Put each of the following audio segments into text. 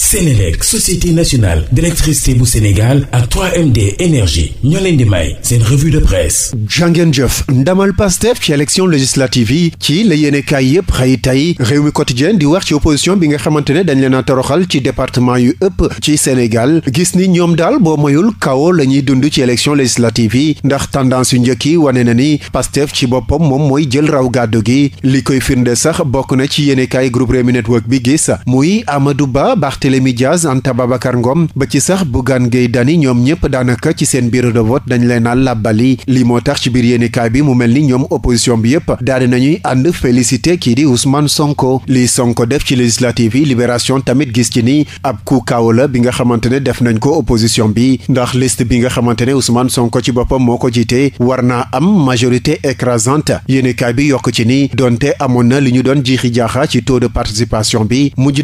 Sénélec société nationale d'électricité bu Sénégal ak 3MD énergie ñoo leen di may de presse jàngeen jëf ndamal Pastef ci élection législative yi ci la yéenekaay yépp xëy tey réew mi quotidien di wax ci opposition bi nga xamante ne dañ leen a toroxal ci département yu ëpp ci Sénégal gis ni ñoom daal boo mayul kawo la ñuy dund ci élection législative yi ndax tendance yu njëkk wane na ni Pastef ci boppam moom mooy jël raw gàddu gi li koy firnde sax bokk na ci yéenekaay groupe Rewmi Network bi gis muy Amadou Ba Barthélémy Diaz Anta Babacar Ngom ba ci sax Bougane Gueye Dany ñoom ñëpp daanaka ci seen bureau de vote dañ leen a làbbali li moo tax ci biir yéenekaay bi mu mel ni ñoom opposition bi yépp daal nañuy ànd félicité kii di Ousmane Sonko li Sonko def ci législative yi Libération tamit gis ci ni ab coup kaw la bi nga xamante ne def nañ ko opposition bi ndax liste bi nga xamante ne Ousmane Sonko ci boppam moo ko jiite war naa am majorité écrasante yéenekaay bi yokk ci ni donte amoon na li ñu doon jiixi jaaxa ci taux de participation bi mujj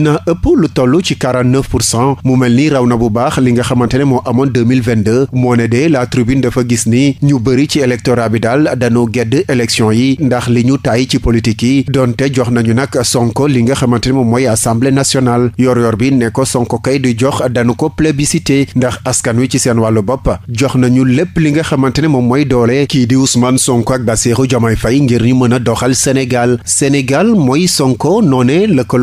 49 pour cent mu mel ni raw na bu baax li nga xamante ne moo amoon 2022 moo ne de la tribune dafa gis ni ñu bëri ci électorat bi daal dañoo gedd élection yi ndax li ñu taay ci politique yi donte jox nañu nag Sonko li nga xamante ne moom mooy assemblée nationale yor-yor bi ne ko Sonko kay di jox dañu ko plébiscité ndax askan wi ci seen wàllu boppa jox nañu lépp li nga xamante ne moom mooy doole kii di Ousmane Sonko ak Bassirou Diomaye fay ngir ñu mën a doxal Sénégal Sénégal mooy Sonko noone la ko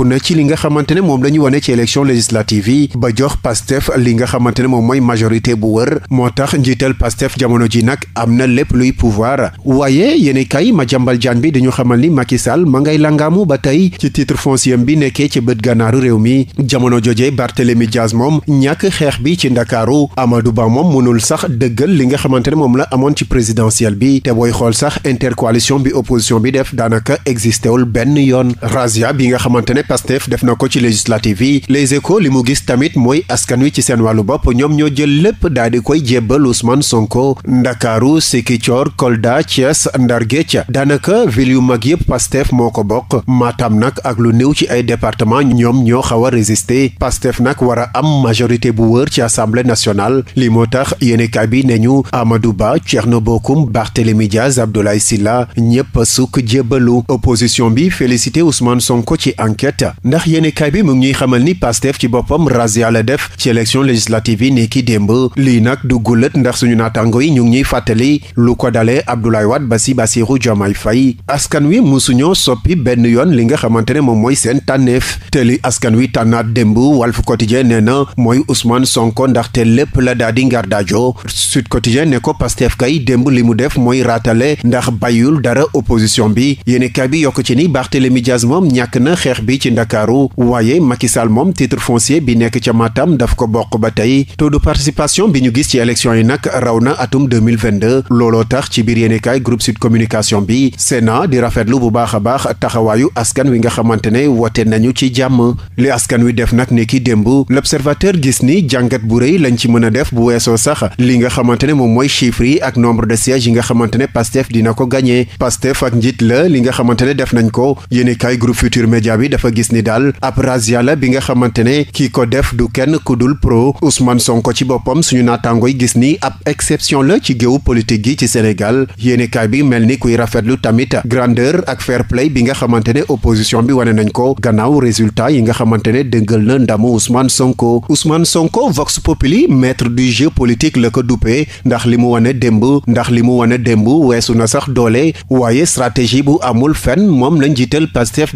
le bokk na ci li nga xamante ne moom la wane ci élection législative yi ba jox pastef li nga xamante ne moom mooy majorité bu wër moo tax njiital pastef jamono ji nag am na lépp luy pouvoir waaye yéen kay ma jàmbal jaan bi dañu xamal ni Macky Sall ma ngay langaamu ba tey ci titre foncier bi nekkee ci bët gànnaaru réew mi jamono jooje Barthélemy Diaz moom ñàkk xeex bi ci ndakaaru amadu Ba moom mënul sax dëggal li nga xamante ne moom la amoon ci présidentielle bi te booy xool sax intercoalition bi opposition bi def daanaka existé wul benn yoon razia nga xamante ne Pastef def na ko ci législative yi les li mu gis tamit mooy askan wi ci seen wàllu bopp ñoom ñoo jël lépp daal di koy jébbal Ousmane Sonko Ndakaaru Sikicoor Kolda Thiès Ndar Géej daanaka ville yu mag yëpp Pastef moo ko bokk Matam nag ak lu néew ci ay département ñoom ñoo xaw a résister Pastef nag war a am majorité bu wër ci assemblée nationale li moo tax yéenekaay bi ne ñu Amadou Ba Thierno Bocoum Barthélémy Diaz Abdoulaye Sylla ñépp sukk jébbalu opposition bi félicité Ousmane enquête ndax yéenekaay bi mu ngi ñuy xamal ni Pastef ci boppam razzia la def ci élection législative yi ni ki démb lii nag du gulat ndax suñu naataango yi ñu ngi ñuy fàttali lu ko dalee Abdoulaye Wade ba si Bassirou Diomaye Faye askan wi mu musuñoo soppi benn yoon li nga xamante ne moom mooy seen tànneef te askan wi tànnaat démb Walf Quotidien nee na mooy Ousmane Sonko ndaxte lépp la daa di ngar daajo Sud Quotidien ne ko Pastef kay démb li mu def mooy raatale ndax bayul dara opposition bi yéenekaay yokk ci ndakaaru waaye Macky Sall moom titre foncier bi nekk ca Matam daf ko bokk ba tey taux de participation bi ñu gis ci élection yi nag raw na atum looloo tax ci biir yéenekaay groupe Sud Communication bi Sénat di rafetlu bu baax a baax taxawaayu askan wi nga xamante ne wote nañu ci jàmm li askan wi def nag ni ki démb l'observateur gis ni jàngat bu rëy lañ ci mën a def bu weesoo sax li nga xamante ne moom mooy chiffres ak nombre de sièges yi nga xamante ne Pastef dina ko gagné Pastef ak njiit la li nga xamante ne def nañ ko gis ni daal ab razzia la bi nga xamante ne kii ko def du kenn ku dul pro Ousmane Sonko ci boppam suñu naataangooy gis ni ab exception la ci géewu politique gi ci Sénégal yéenekaay bi mel ni kuy rafetlu tamit grandeur ak fair play bi nga xamante ne opposition bi wane nañ ko gannaaw résultat yi nga xamante ne dëngal na ndamu Ousmane Sonko Ousmane Sonko vox populi maître du jeu politique la ko duppee ndax li mu wane démb ndax li mu wane démb weesu na sax doole waaye bu amul fenn moom la njiital Pastef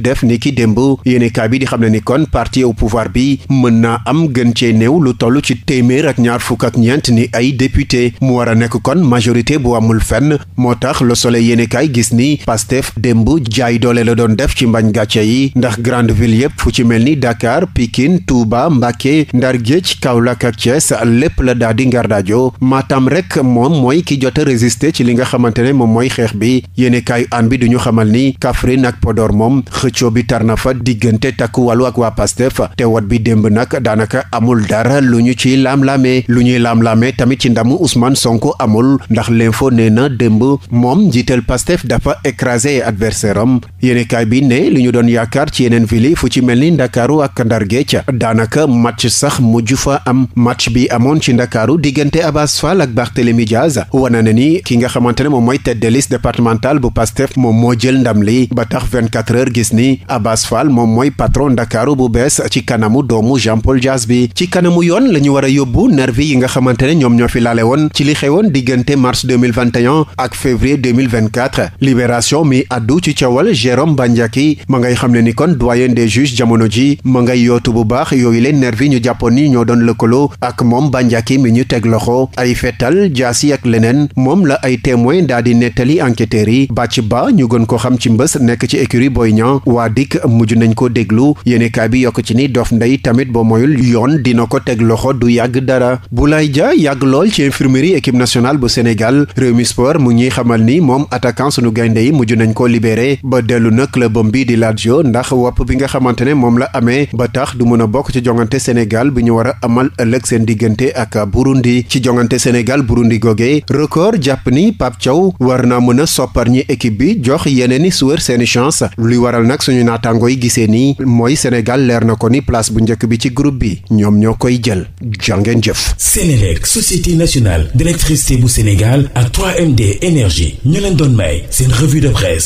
yéenekaay bi di xam ne ni kon parti au pouvoir bi mën naa am gën cee néew lu toll ci téeméer ak ñaar fukk ak ñeent ni ay député mu war a nekk kon majorité bu amul fenn moo tax Le Soleil yéenekaay gis ni Pastef démb jaay doole la doon def ci mbañ gàcce yi ndax grande ville yépp fu ci mel ni Dakar pikin Touba Mbacké Ndar Géej Kaolack ak a lépp la daa di ngardaajo maatam rek moom mooy ki jot a ci li nga xamante ne moom mooy xeex bi yéenekaayu an bi duñu xamal ni Kaffrine ak Podor moom xëccoo diggante takku wàllu ak waa Pastef te wat bi démb nag daanaka amul dara lu ñu ci laam-laamee lu ñuy laam-laamee tamit ci ndamu Ousmane Sonko amul ndax l'info nee na démb moom njiital Pastef dafa écrasé adversaire am yéenekaay bi ne lu ñu doon yaakaar ci yeneen ville fu ci mel ni Ndakaaru ak Ndar Géej daanaka match sax mujj fa am match bi amoon ci Ndakaaru diggante Abass Fall ak Barthélémy Diaz wana na ni ki nga xamante ne moom mooy tête de liste départementale bu Pastef moom mooy patron Ndakaaru bu bees ci kanamu doomu Jean Paul Dias bi ci kanamu yoon la ñu war a yóbbu nervi yi nga xamante ne ñoom ñoo fi laale woon ci li xewoon diggante mars 2021 ak février 2024 libération mi addu ci coowal Jérôme Bandiaki ma ngay xam ne ni kon doyen des juges jamono ji ma ngay yootu bu baax yooyu leen nervi ñu jàppoon ni ñoo doon lëkkaloo ak moom Bandiaki mi ñu teg loxo ay fetal jaas yi ak leneen moom la ay témoin daa di nettali enquêteurs yi bàcc ba ñu gën ko xam ci mbës nekk ci écurie Boy Niang ko déglu yéenekaay bi yokk ci ni Dof Ndeye tamit ba moyul yoon dina ko teg loxo du yàgg dara Boulaye Dia yàgg lool ci infirmerie équipe nationale bu Sénégal Rewmi Sport mu ñuy xamal ni moom attaquant sunu gaynde yi mujj nañ ko libéré ba dellu na clubam bi di Lazio ndax wopp bi nga xamante ne moom la amee ba tax du mën a bokk ci jongante Sénégal bi ñu war a amal ëllëg seen diggante ak Burundi ci jongante Sénégal Burundi goge record jàpp ni Pape Thiaw war naa a soppar ñi xamante mooy Sénégal leer na ko ni place bu njëkk bi ci groupe bi ñoom ñoo koy jël jàngeen jëf. Sénélec société nationale d'électricité bu Sénégal ak 3MD énergie ñu leen doon may seen revue de presse.